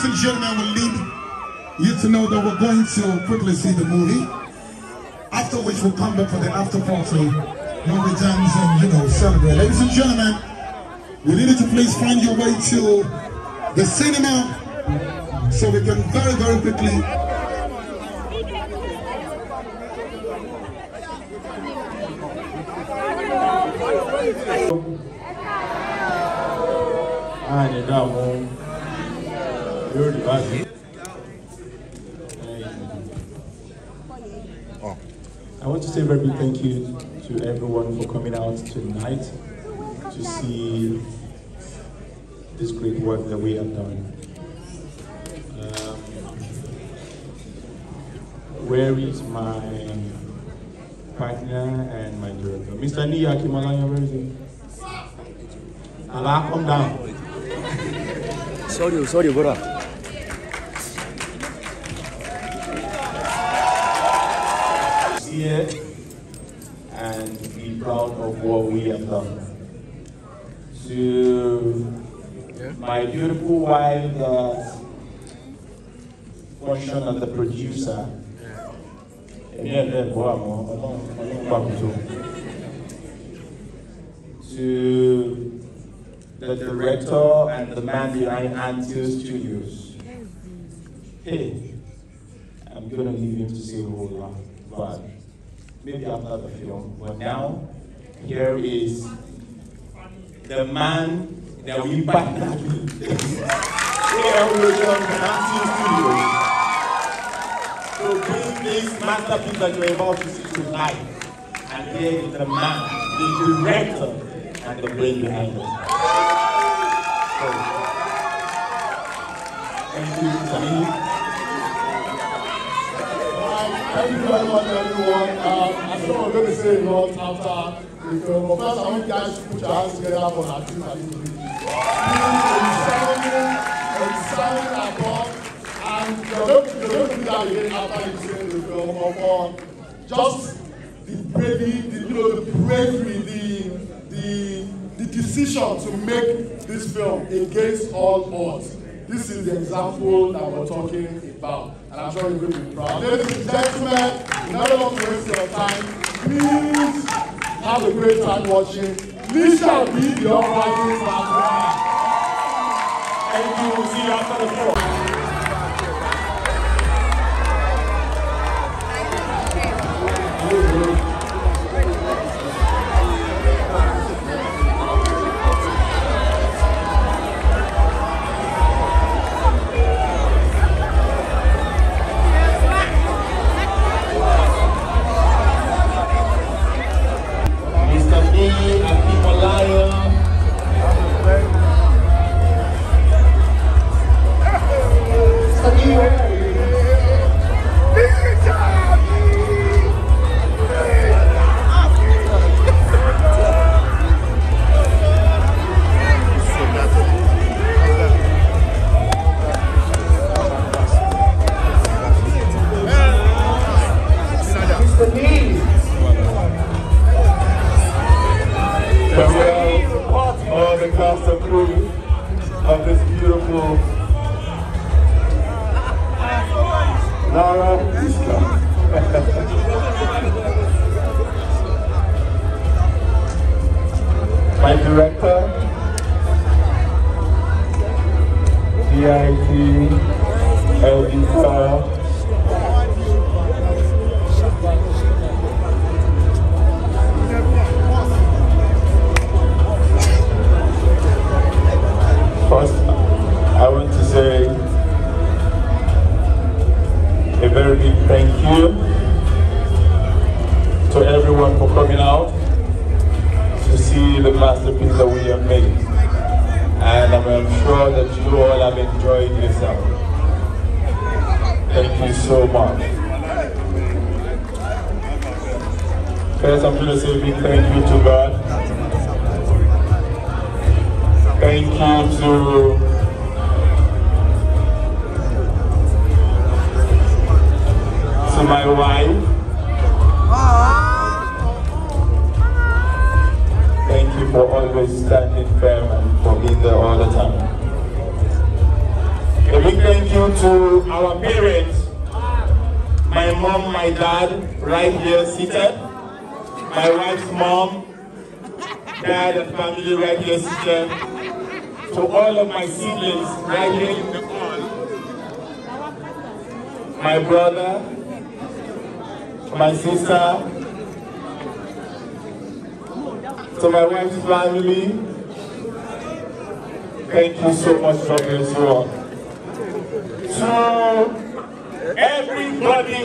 Ladies and gentlemen, we leave you to know that we're going to quickly see the movie. After which we'll come back for the after party when we dance and, you know, celebrate. Ladies and gentlemen, we need you to please find your way to the cinema so we can very, very quickly Ai, Deus, Oh. I want to say a very big thank you to everyone for coming out tonight to see this great work that we have done. Um, where is my partner and my director? Mr. Nia Kimalaya, where is he? Allah, come down. Sorry, sorry, brother. love. To my beautiful wife, the function of the producer. To the director and the man behind Antio Studios. Hey, I'm gonna leave him to say a whole lot, but maybe after the film. But now, here is the man that we partnered with. here we are from Studios. To bring this masterpiece that you're about to see to life. And here is the man, the director, and the brain behind it. So, Thank you, Tamini. Thank you very much, everyone. Um, I said I'm going to say a lot after If your professor won't just put your hands together for her team and you will be. and you're going that again after you say the film just the bravery, the, you know, the bravery, the, the, the decision to make this film against all odds. This is the example that we're talking about, and I'm sure you're going to be proud. Ladies and gentlemen, never want to waste your time. Please. Have a great time watching. This shall be your rising Thank you. We'll see you after the floor. But we have all the cast and crew of this beautiful Nara My director, DIT, LD for everyone for coming out to see the masterpiece that we have made. And I'm sure that you all have enjoyed yourself. Thank you so much. First, I'm going to say a big thank you to God. Thank you to to my wife always standing firm and for being there all the time. A big thank you to our parents, my mom, my dad, right here seated, my wife's mom, dad and family right here seated, to all of my siblings right here in the hall, my brother, my sister, to my wife's family, thank you so much for this one. To everybody